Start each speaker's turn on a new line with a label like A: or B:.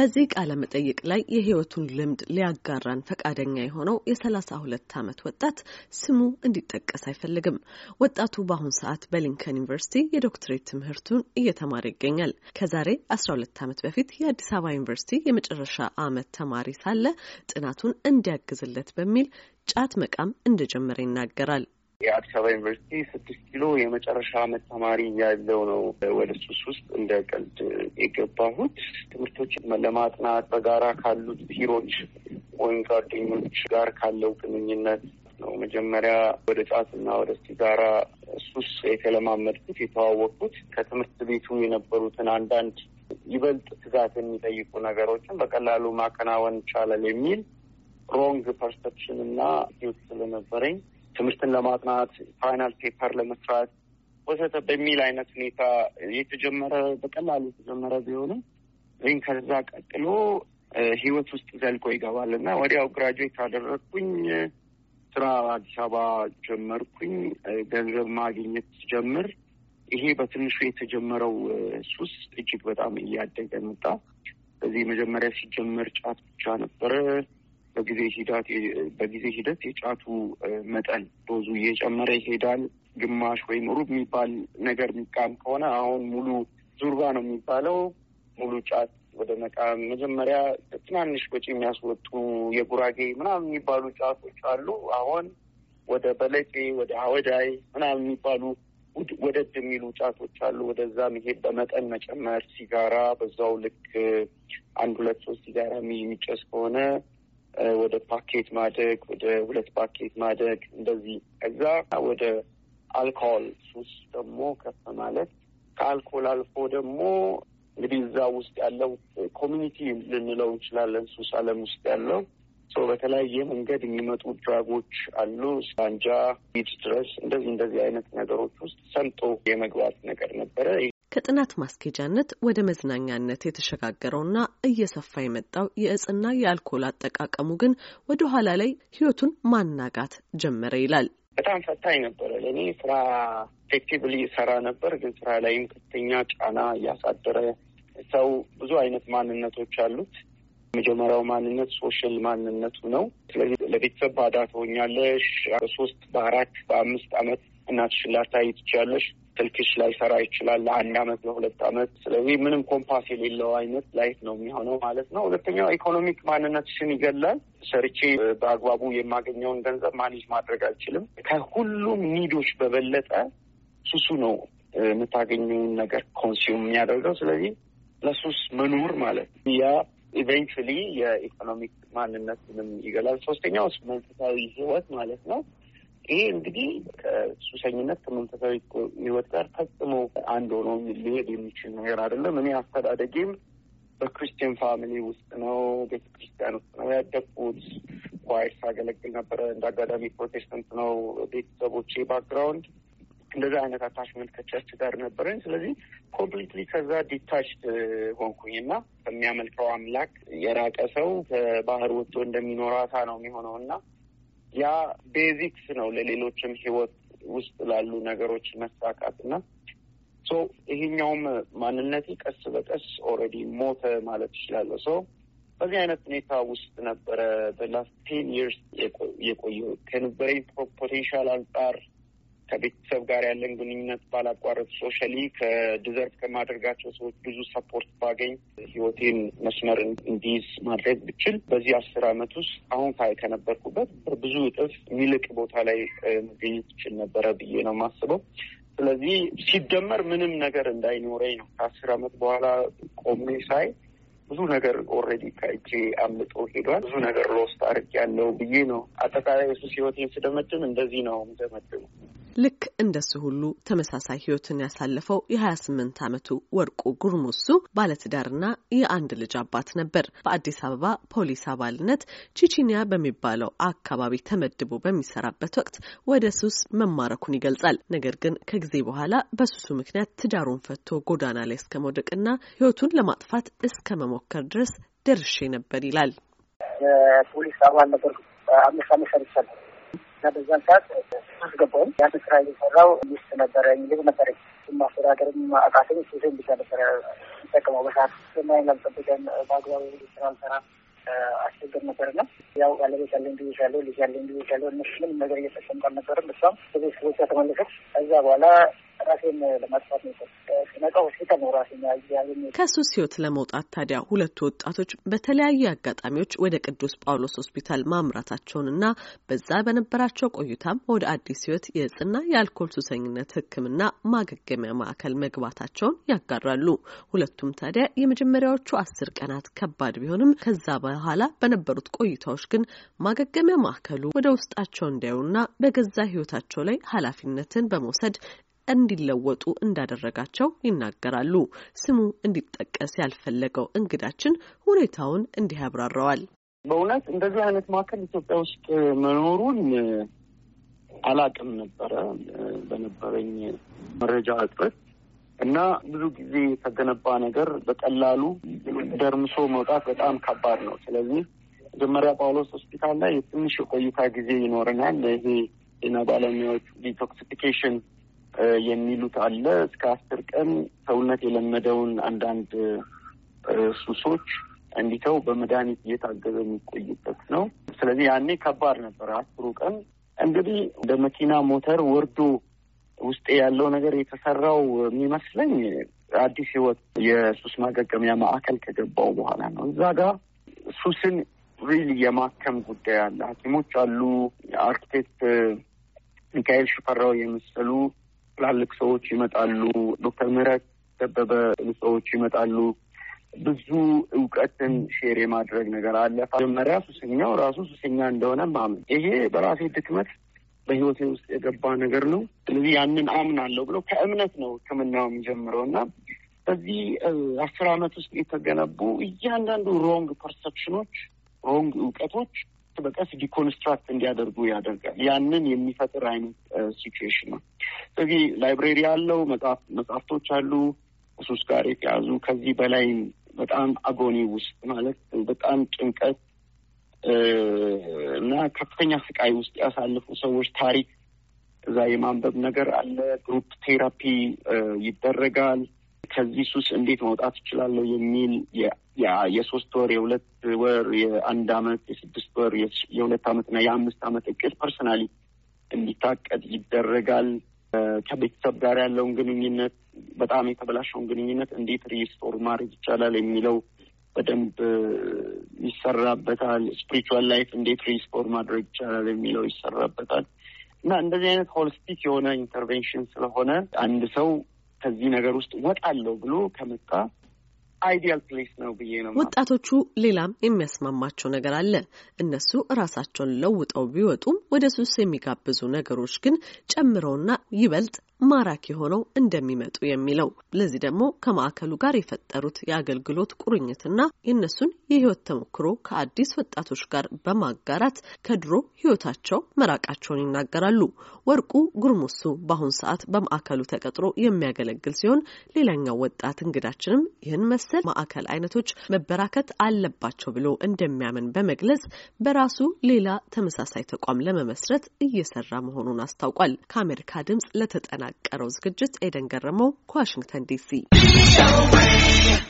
A: በዚህ ቃለ መጠይቅ ላይ የህይወቱን ልምድ ሊያጋራን ፈቃደኛ የሆነው የሰላሳ ሁለት ዓመት ወጣት ስሙ እንዲጠቀስ አይፈልግም። ወጣቱ በአሁን ሰዓት በሊንከን ዩኒቨርሲቲ የዶክትሬት ትምህርቱን እየተማረ ይገኛል። ከዛሬ አስራ ሁለት ዓመት በፊት የአዲስ አበባ ዩኒቨርሲቲ የመጨረሻ ዓመት ተማሪ ሳለ ጥናቱን እንዲያግዝለት በሚል ጫት መቃም እንደጀመረ ይናገራል።
B: የአዲስ አበባ ዩኒቨርሲቲ ስድስት ኪሎ የመጨረሻ አመት ተማሪ ያለው ነው ወደ ሱስ ውስጥ እንደ ቀልድ የገባሁት ትምህርቶችን ለማጥናት በጋራ ካሉት ፒሮች ወይም ጓደኞች ጋር ካለው ግንኙነት ነው። መጀመሪያ ወደ ጫትና ወደ ሲጋራ ሱስ የተለማመድኩት የተዋወቅኩት ከትምህርት ቤቱ የነበሩትን አንዳንድ ይበልጥ ትጋት የሚጠይቁ ነገሮችን በቀላሉ ማከናወን ይቻላል የሚል ሮንግ ፐርሰፕሽን እና ስለነበረኝ ትምህርትን ለማጥናት ፋይናል ፔፐር ለመስራት ወሰተ በሚል አይነት ሁኔታ የተጀመረ በቀላሉ የተጀመረ ቢሆንም ግን ከዛ ቀጥሎ ህይወት ውስጥ ዘልቆ ይገባል እና ወዲያው ግራጁዌት አደረግኩኝ። ስራ አዲስ አበባ ጀመርኩኝ። ገንዘብ ማግኘት ጀምር ይሄ በትንሹ የተጀመረው ሱስ እጅግ በጣም እያደገ መጣ። በዚህ መጀመሪያ ሲጀመር ጫት ብቻ ነበረ። በጊዜ ሂደት በጊዜ ሂደት የጫቱ መጠን ዶዙ እየጨመረ ይሄዳል። ግማሽ ወይም ሩብ የሚባል ነገር የሚቃም ከሆነ አሁን ሙሉ ዙርባ ነው የሚባለው ሙሉ ጫት ወደ መቃም መጀመሪያ ትናንሽ ወጪ የሚያስወጡ የጉራጌ ምናምን የሚባሉ ጫቶች አሉ። አሁን ወደ በለቄ ወደ ሀወዳይ ምናምን የሚባሉ ወደድ የሚሉ ጫቶች አሉ። ወደዛ መሄድ በመጠን መጨመር፣ ሲጋራ በዛው ልክ አንድ ሁለት ሶስት ሲጋራ የሚጨስ ከሆነ ወደ ፓኬት ማደግ፣ ወደ ሁለት ፓኬት ማደግ እንደዚህ እዛ ወደ አልኮል ሱስ ደግሞ ከፍ ማለት ከአልኮል አልፎ ደግሞ እንግዲህ እዛ ውስጥ ያለው ኮሚኒቲ ልንለው እንችላለን። ሱስ አለም ውስጥ ያለው ሰው በተለያየ መንገድ የሚመጡ ድራጎች አሉ። ስፓንጃ ቢድ ድረስ እንደዚህ እንደዚህ አይነት ነገሮች ውስጥ ሰምጦ የመግባት ነገር ነበረ።
A: ከጥናት ማስኬጃነት ወደ መዝናኛነት የተሸጋገረውና እየሰፋ የመጣው የእጽና የአልኮል አጠቃቀሙ ግን ወደ ኋላ ላይ ህይወቱን ማናጋት ጀመረ ይላል። በጣም
B: ፈታኝ ነበረ። ለእኔ ስራ ኤፌክቲቭሊ ይሰራ ነበር፣ ግን ስራ ላይም ከፍተኛ ጫና እያሳደረ ሰው ብዙ አይነት ማንነቶች አሉት። የመጀመሪያው ማንነት ሶሻል ማንነቱ ነው። ስለዚህ ለቤተሰብ ባዳ ትሆኛለሽ። በሶስት በአራት በአምስት አመት እናትሽን ላታይ ትችያለሽ። ስልክሽ ላይሰራ ይችላል ለአንድ አመት ለሁለት አመት። ስለዚህ ምንም ኮምፓስ የሌለው አይነት ላይፍ ነው የሚሆነው ማለት ነው። ሁለተኛው ኢኮኖሚክ ማንነትሽን ይገላል። ሰርቼ በአግባቡ የማገኘውን ገንዘብ ማኔጅ ማድረግ አልችልም። ከሁሉም ኒዶች በበለጠ ሱሱ ነው የምታገኘውን ነገር ኮንሱም የሚያደርገው። ስለዚህ ለሱስ መኖር ማለት ነው ያ ኢቨንቹሊ የኢኮኖሚክ ማንነትንም ይገላል። ሶስተኛው መንፈሳዊ ህይወት ማለት ነው። ይሄ እንግዲህ ከሱሰኝነት ከመንፈሳዊ ህይወት ጋር ፈጽሞ አንድ ሆኖ ሊሄድ የሚችል ነገር አይደለም። እኔ አስተዳደጌም በክርስቲያን ፋሚሊ ውስጥ ነው፣ ቤተክርስቲያን ውስጥ ነው ያደግኩት። ኳይር ሳገለግል ነበረ። እንደ አጋጣሚ ፕሮቴስታንት ነው ቤተሰቦቼ ባክግራውንድ። እንደዛ አይነት አታችመንት ከቸርች ጋር ነበረኝ። ስለዚህ ኮምፕሊትሊ ከዛ ዲታችድ ሆንኩኝ እና ከሚያመልከው አምላክ የራቀ ሰው ከባህር ወጥቶ እንደሚኖር አሳ ነው የሚሆነው እና ያ ቤዚክስ ነው ለሌሎችም ህይወት ውስጥ ላሉ ነገሮች መሳካት እና ሶ ይሄኛውም ማንነቴ ቀስ በቀስ ኦልሬዲ ሞተ ማለት ይችላለሁ። ሰው በዚህ አይነት ሁኔታ ውስጥ ነበረ በላስት ቴን ይርስ የቆየው ከነበረኝ ፖቴንሻል አንጻር ከቤተሰብ ጋር ያለን ግንኙነት ባላቋረጥ፣ ሶሻሊ ከድዘርት ከማደርጋቸው ሰዎች ብዙ ሰፖርት ባገኝ፣ ህይወቴን መስመር እንዲይዝ ማድረግ ብችል በዚህ አስር አመት ውስጥ አሁን ካይ ከነበርኩበት ብዙ እጥፍ የሚልቅ ቦታ ላይ መገኘት ይችል ነበረ ብዬ ነው የማስበው። ስለዚህ ሲደመር ምንም ነገር እንዳይኖረኝ ነው ከአስር አመት በኋላ ቆሜ ሳይ ብዙ ነገር ኦልሬዲ ከእጄ አምልጦ ሄዷል። ብዙ ነገር ሎስት አድርጌያለሁ ብዬ ነው አጠቃላይ እሱ ህይወቴን ስደመድም እንደዚህ ነው የምደመድመው።
A: ልክ እንደሱ ሁሉ ተመሳሳይ ህይወትን ያሳለፈው የ28 ዓመቱ ወርቁ ጉርሙሱ ባለትዳርና የአንድ ልጅ አባት ነበር። በአዲስ አበባ ፖሊስ አባልነት ቺቺኒያ በሚባለው አካባቢ ተመድቦ በሚሰራበት ወቅት ወደ ሱስ መማረኩን ይገልጻል። ነገር ግን ከጊዜ በኋላ በሱሱ ምክንያት ትዳሩን ፈቶ ጎዳና ላይ እስከ መውደቅና ህይወቱን ለማጥፋት እስከ መሞከር ድረስ ደርሼ ነበር ይላል።
B: ፖሊስ አባል ነበር። አምስት አመት ሰርቻለሁ። እና በዛን ሰዓት አስገባውም ያን ስራ እየሰራው ሚስት ነበረ ልጅ ነበረ ማስተዳደርም አቃተኝ። ሴሴን ብቻ ነበረ ይጠቀመው በሰዓት ስናይ ላልጠብቀን በአግባቡ ስራ አልሰራ አስቸገር ነበር እና ያው ባለቤት ያለ ብዬሽ ያለው ልጅ ያለ ብዬሽ ያለው እነሱ ምንም ነገር እየተሰምቅ አልነበርም። እሷም ብዙ ስቦቻ ተመለሰች። ከዛ በኋላ ራሴን ለማጥፋት ነበር ሆስፒታል ነው
A: ራሴ ከሱስ ህይወት ለመውጣት ታዲያ ሁለቱ ወጣቶች በተለያዩ አጋጣሚዎች ወደ ቅዱስ ጳውሎስ ሆስፒታል ማምራታቸውንና በዛ በነበራቸው ቆይታም ወደ አዲስ ህይወት የእጽና የአልኮል ሱሰኝነት ህክምና ማገገሚያ ማዕከል መግባታቸውን ያጋራሉ። ሁለቱም ታዲያ የመጀመሪያዎቹ አስር ቀናት ከባድ ቢሆንም ከዛ በኋላ በነበሩት ቆይታዎች ግን ማገገሚያ ማዕከሉ ወደ ውስጣቸው እንዲያዩና በገዛ ህይወታቸው ላይ ኃላፊነትን በመውሰድ እንዲለወጡ እንዳደረጋቸው ይናገራሉ። ስሙ እንዲጠቀስ ያልፈለገው እንግዳችን ሁኔታውን እንዲህ ያብራራዋል።
B: በእውነት እንደዚህ አይነት ማዕከል ኢትዮጵያ ውስጥ መኖሩን አላቅም ነበረ በነበረኝ መረጃ እጥረት እና ብዙ ጊዜ የተገነባ ነገር በቀላሉ ደርምሶ መውጣት በጣም ከባድ ነው። ስለዚህ መጀመሪያ ጳውሎስ ሆስፒታል ላይ የትንሽ የቆይታ ጊዜ ይኖረናል። ይሄ ጤና ባለሙያዎች ዲቶክሲፊኬሽን የሚሉት አለ። እስከ አስር ቀን ሰውነት የለመደውን አንዳንድ ሱሶች እንዲተው በመድኃኒት እየታገዘ የሚቆይበት ነው። ስለዚህ ያኔ ከባድ ነበር። አስሩ ቀን እንግዲህ እንደ መኪና ሞተር ወርዶ ውስጤ ያለው ነገር የተሰራው የሚመስለኝ አዲስ ህይወት የሱስ ማገገሚያ ማዕከል ከገባው በኋላ ነው። እዛ ጋር ሱስን ሪል የማከም ጉዳይ አለ። ሐኪሞች አሉ። አርኪቴክት ሚካኤል ሽፈራው የመሰሉ ትላልቅ ሰዎች ይመጣሉ። ዶክተር ምህረት ደበበ ሰዎች ይመጣሉ። ብዙ እውቀትን ሼር የማድረግ ነገር አለ። መጀመሪያ ሱሰኛው ራሱ ሱሰኛ እንደሆነ ማምን ይሄ በራሴ ድክመት በህይወቴ ውስጥ የገባ ነገር ነው። ስለዚህ ያንን አምናለሁ ብሎ ከእምነት ነው ህክምናው የሚጀምረው እና በዚህ አስር አመት ውስጥ የተገነቡ እያንዳንዱ ሮንግ ፐርሰፕሽኖች፣ ሮንግ እውቀቶች በቀስ ዲኮንስትራክት እንዲያደርጉ ያደርጋል። ያንን የሚፈጥር አይነት ሲትዌሽን ነው። ስለዚህ ላይብሬሪ አለው፣ መጽሐፍቶች አሉ ሱስ ጋር የተያዙ ከዚህ በላይ በጣም አጎኒ ውስጥ ማለት በጣም ጭንቀት እና ከፍተኛ ስቃይ ውስጥ ያሳለፉ ሰዎች ታሪክ እዛ የማንበብ ነገር አለ። ግሩፕ ቴራፒ ይደረጋል። ከዚህ ሱስ እንዴት መውጣት እችላለሁ የሚል የሶስት ወር፣ የሁለት ወር፣ የአንድ አመት፣ የስድስት ወር፣ የሁለት አመት እና የአምስት አመት እቅድ ፐርሰናሊ እንዲታቀድ ይደረጋል። ከቤተሰብ ጋር ያለውን ግንኙነት በጣም የተበላሸውን ግንኙነት እንዴት ሪስቶር ማድረግ ይቻላል የሚለው በደንብ ይሰራበታል። ስፒሪቹዋል ላይፍ እንዴት ሪስቶር ማድረግ ይቻላል የሚለው ይሰራበታል እና እንደዚህ አይነት ሆልስቲክ የሆነ ኢንተርቬንሽን ስለሆነ አንድ ሰው ከዚህ ነገር ውስጥ ወጣለሁ ብሎ ከመጣ አይዲያል ፕሌስ ነው ብዬ ነው።
A: ወጣቶቹ ሌላም የሚያስማማቸው ነገር አለ። እነሱ እራሳቸውን ለውጠው ቢወጡም ወደ ሱስ የሚጋብዙ ነገሮች ግን ጨምረውና ይበልጥ ማራኪ ሆነው እንደሚመጡ የሚለው። ለዚህ ደግሞ ከማዕከሉ ጋር የፈጠሩት የአገልግሎት ቁርኝትና የእነሱን የህይወት ተሞክሮ ከአዲስ ወጣቶች ጋር በማጋራት ከድሮ ህይወታቸው መራቃቸውን ይናገራሉ። ወርቁ ጉርሙሱ በአሁኑ ሰዓት በማዕከሉ ተቀጥሮ የሚያገለግል ሲሆን ሌላኛው ወጣት እንግዳችንም ይህን መሰል ማዕከል አይነቶች መበራከት አለባቸው ብሎ እንደሚያምን በመግለጽ በራሱ ሌላ ተመሳሳይ ተቋም ለመመስረት እየሰራ መሆኑን አስታውቋል። ከአሜሪካ ድምጽ ለተጠና ለተጠናቀረው ዝግጅት ኤደን ገረመው ከዋሽንግተን ዲሲ